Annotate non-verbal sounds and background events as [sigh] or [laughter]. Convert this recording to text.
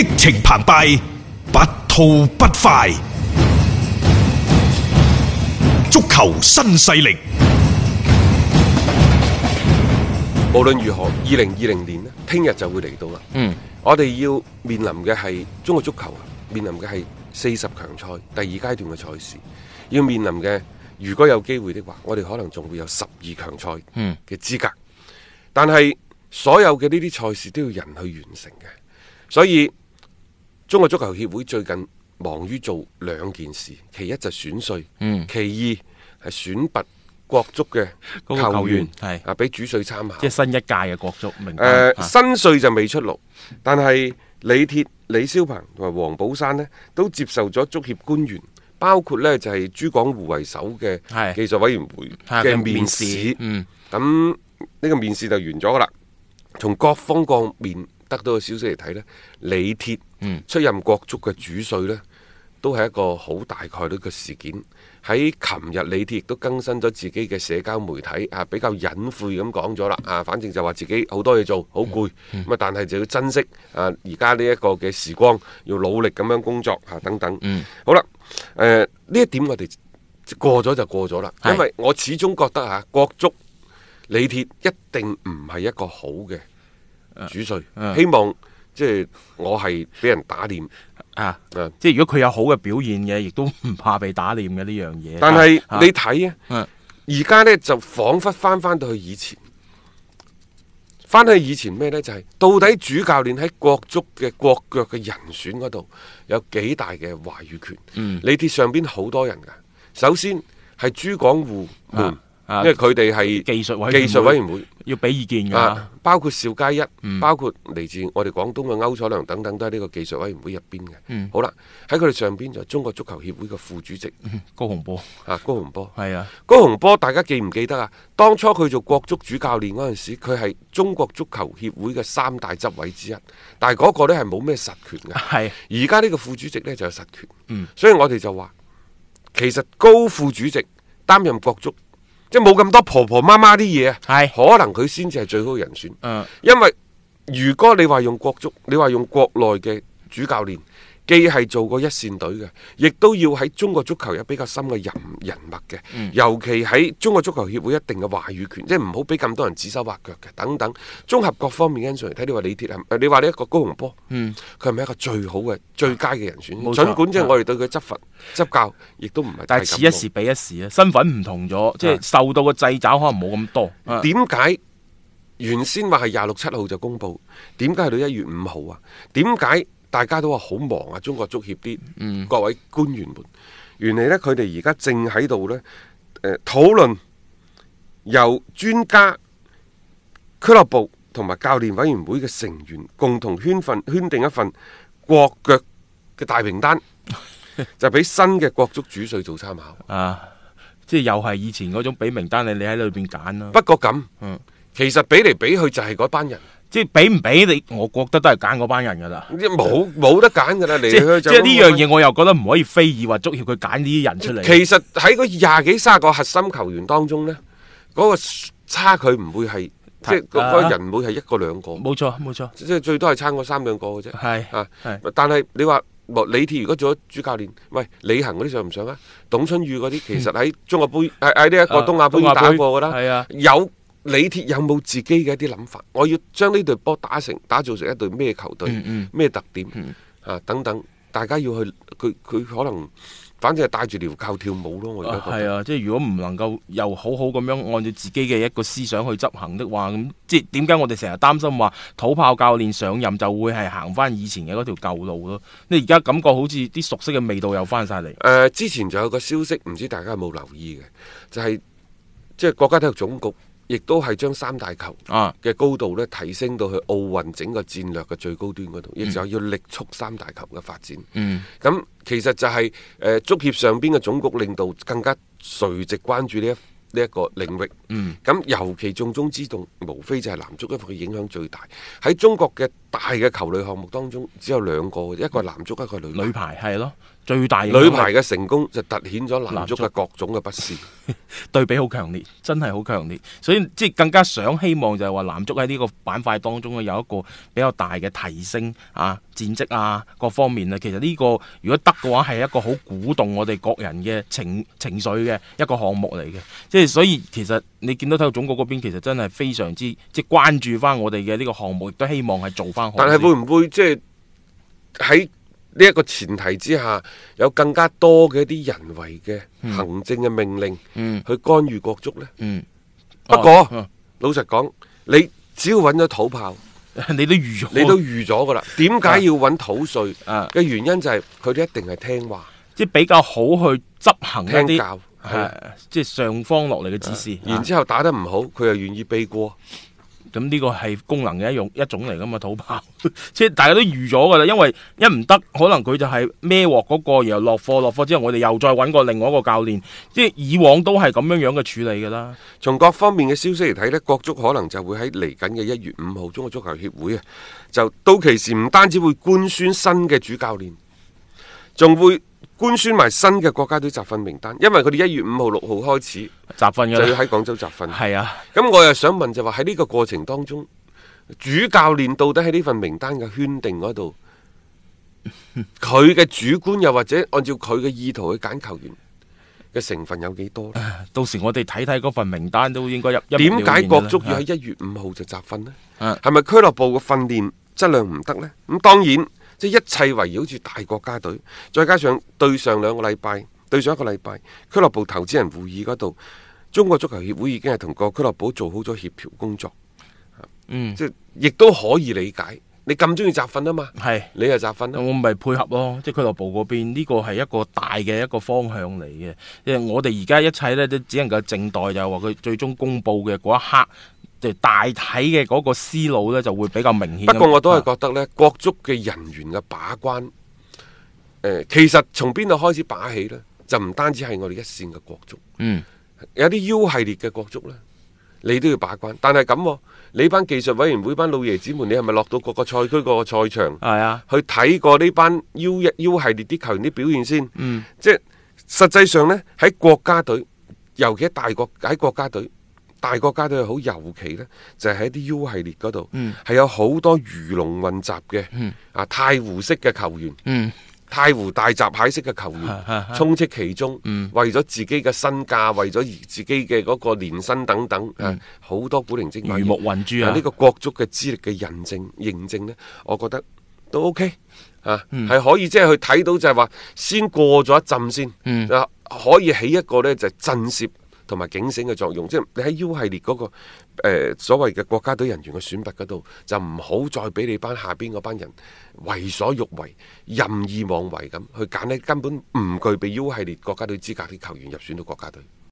激情澎湃，不吐不快。足球新勢力，無論如何，二零二零年咧，聽日就會嚟到啦。嗯，我哋要面臨嘅係中國足球啊，面臨嘅係四十強賽第二階段嘅賽事，要面臨嘅，如果有機會的話，我哋可能仲會有十二強賽嗯嘅資格，嗯、但係所有嘅呢啲賽事都要人去完成嘅，所以。中國足球協會最近忙於做兩件事，其一就選帥，嗯、其二係選拔國足嘅球員，係啊，俾主帥參考。即係新一屆嘅國足名單誒，明呃啊、新帥就未出爐，但係李鐵、李霄鵬同埋黃寶山呢都接受咗足協官員，包括呢就係朱廣滬為首嘅技術委員會嘅面試。嗯，咁呢、嗯、個面試就完咗噶啦，從各方各面。得到嘅消息嚟睇呢，李鐵出任國足嘅主帥呢，都係一個好大概率嘅事件。喺琴日，李鐵亦都更新咗自己嘅社交媒體，啊，比較隱晦咁講咗啦，啊，反正就話自己好多嘢做，好攰，咁但係就要珍惜啊，而家呢一個嘅時光，要努力咁樣工作，吓、啊、等等。好啦，誒、呃，呢一點我哋過咗就過咗啦，因為我始終覺得吓、啊、國足李鐵一定唔係一個好嘅。主帥、啊啊、希望即係、就是、我係俾人打臉啊！啊，即係如果佢有好嘅表現嘅，亦都唔怕被打臉嘅呢樣嘢。但係你睇啊，而家、啊啊、呢就仿佛翻翻到去以前，翻去以前咩呢？就係、是、到底主教練喺國足嘅國腳嘅人選嗰度有幾大嘅話語權？嗯、李鐵上邊好多人噶，首先係朱廣滬。啊因為佢哋係技術委技術委員會，委員會要俾意見嘅、啊，包括邵佳一，嗯、包括嚟自我哋廣東嘅歐楚良等等，都係呢個技術委員會入邊嘅。嗯、好啦，喺佢哋上邊就中國足球協會嘅副主席、嗯、高洪波啊，高洪波係啊，高洪波，大家記唔記得啊？當初佢做國足主教練嗰陣時，佢係中國足球協會嘅三大執委之一，但係嗰個呢係冇咩實權嘅。係，而家呢個副主席呢，就有實權。嗯、所以我哋就話，其實高副主席擔任國足。即係冇咁多婆婆媽媽啲嘢啊，係是可能佢先至係最好人選。嗯，因為如果你話用國足，你話用國內嘅。主教練既係做過一線隊嘅，亦都要喺中國足球有比較深嘅人人脈嘅，嗯、尤其喺中國足球協會一定嘅話語權，即係唔好俾咁多人指手畫腳嘅。等等，綜合各方面因素嚟睇，你話李鐵啊、呃，你話你一個高洪波，佢係咪一個最好嘅最佳嘅人選？盡錯管即係我哋對佢執法執教，亦都唔係，但係此一時彼一時啊，身份唔同咗，即係的受到嘅掣肘可能冇咁多。點解原先話係廿六七號就公布，點解係到一月五號啊？點解？大家都話好忙啊！中國足協啲各位官員們，嗯、原嚟呢，佢哋而家正喺度呢，誒討論由專家俱樂部同埋教練委員會嘅成員共同圈份圈定一份國腳嘅大名單， [laughs] 就俾新嘅國足主帥做參考啊！即係又係以前嗰種俾名單你，你喺裏邊揀啦。不過咁，嗯、其實比嚟比去就係嗰班人。即係畀唔畀你，我覺得都係揀嗰班人噶啦，即係冇冇得揀噶啦嚟去就。即係呢樣嘢，我又覺得唔可以非議或捉挾佢揀呢啲人出嚟。其實喺個廿幾卅個核心球員當中咧，嗰個差距唔會係，即係嗰個人唔會係一個兩個。冇錯，冇錯，即係最多係差個三兩個嘅啫。係啊，係。但係你話李鐵如果做咗主教練，喂，李行嗰啲上唔上啊？董春雨嗰啲，其實喺中國杯喺喺呢一個東亞杯打過噶啦，係啊有。李鐵有冇自己嘅一啲諗法？我要將呢隊波打成、打造成一隊咩球隊、咩、嗯嗯、特點、嗯、啊等等，大家要去佢佢可能，反正係帶住鐐銬跳舞咯。我而家係啊，啊，即係如果唔能夠又好好咁樣按照自己嘅一個思想去執行的話，咁即係點解我哋成日擔心話土炮教練上任就會係行翻以前嘅嗰條舊路咯？你而家感覺好似啲熟悉嘅味道又翻晒嚟。誒、啊，之前就有個消息，唔知大家有冇留意嘅，就係、是、即係國家體育總局。亦都係將三大球嘅高度咧提升到去奧運整個戰略嘅最高端嗰度，亦、嗯、就要力促三大球嘅發展。咁、嗯、其實就係、是、誒、呃、足協上邊嘅總局領導更加垂直關注呢一呢一、呢個領域。咁、嗯、尤其重中，中之重，無非就係男足，因為佢影響最大喺中國嘅。大嘅球類項目當中只有兩個，一個男足，一個女,女排，係咯，最大女排嘅成功就突顯咗男足嘅各種嘅不是，男足 [laughs] 對比好強烈，真係好強烈，所以即係更加想希望就係話男足喺呢個板塊當中有一個比較大嘅提升啊戰績啊各方面啊，其實呢個如果得嘅話係一個好鼓動我哋國人嘅情情緒嘅一個項目嚟嘅，即係所以其實。你見到體育總局嗰邊其實真係非常之即係關注翻我哋嘅呢個項目，都希望係做翻好。但係會唔會即係喺呢一個前提之下，有更加多嘅一啲人為嘅行政嘅命令，嗯、去干預國足呢？嗯嗯啊、不過、啊、老實講，你只要揾咗土炮，你都預你都預咗噶啦。點解要揾土帥？嘅、啊啊、原因就係佢哋一定係聽話，即係比較好去執行一啲。聽教係、啊，即係上方落嚟嘅指示，啊、然之後打得唔好，佢又願意避過，咁呢、啊、個係功能嘅一種一種嚟噶嘛？土炮， [laughs] 即係大家都預咗噶啦，因為一唔得，可能佢就係孭鑊嗰個，然後落課，落課之後我哋又再揾個另外一個教練，即係以往都係咁樣樣嘅處理噶啦。從各方面嘅消息嚟睇呢，國足可能就會喺嚟緊嘅一月五號，中國足球協會啊，就到期時唔單止會官宣新嘅主教練。仲會官宣埋新嘅國家隊集訓名單，因為佢哋一月五號六號開始集訓嘅，就要喺廣州集訓。係啊，咁我又想問就話喺呢個過程當中，主教練到底喺呢份名單嘅圈定嗰度，佢嘅主觀又或者按照佢嘅意圖去揀球員嘅成分有幾多呢？到時我哋睇睇嗰份名單都應該一。點解國足要喺一月五號就集訓呢？係咪俱樂部嘅訓練質量唔得呢？咁當然。即一切圍繞住大國家隊，再加上對上兩個禮拜，對上一個禮拜，俱樂部投資人會議嗰度，中國足球協會已經係同個俱樂部做好咗協調工作。嗯，即亦都可以理解，你咁中意集訓啊嘛，係是你係集訓啦，我咪配合咯。即、就、係、是、俱樂部嗰邊呢個係一個大嘅一個方向嚟嘅，因為我哋而家一切咧都只能夠靜待，就係話佢最終公布嘅嗰一刻。大體嘅嗰個思路咧，就會比較明顯。不過我都係覺得呢、啊、國足嘅人員嘅把關，呃、其實從邊度開始把起呢？就唔單止係我哋一線嘅國足。嗯。有啲 U 系列嘅國足呢，你都要把關。但係咁、啊，你班技術委員會班、嗯、老爺子們，你係咪落到各個賽區各個賽場？係啊。去睇過呢班 U U 系列啲球員啲表現先。嗯、即係實際上呢，喺國家隊，尤其喺大國喺國家隊。大國家都係好，尤其呢，就係喺啲 U 系列嗰度，係有好多魚龍混雜嘅，啊，太湖式嘅球員，太湖大閘蟹式嘅球員充斥其中，為咗自己嘅身價，為咗自己嘅嗰個年薪等等，好多古靈精，魚目混珠啊！呢個國足嘅資歷嘅認證，認證呢，我覺得都 OK 啊，係可以即係去睇到就係話先過咗一陣先，可以起一個呢就係震懾。同埋警醒嘅作用，即係你喺 U 系列嗰個、誒、呃、所謂嘅國家隊人員嘅選拔嗰度，就唔好再俾你班下邊嗰班人為所欲為、任意妄為咁去揀啲根本唔具備 U 系列國家隊資格啲球員入選到國家隊。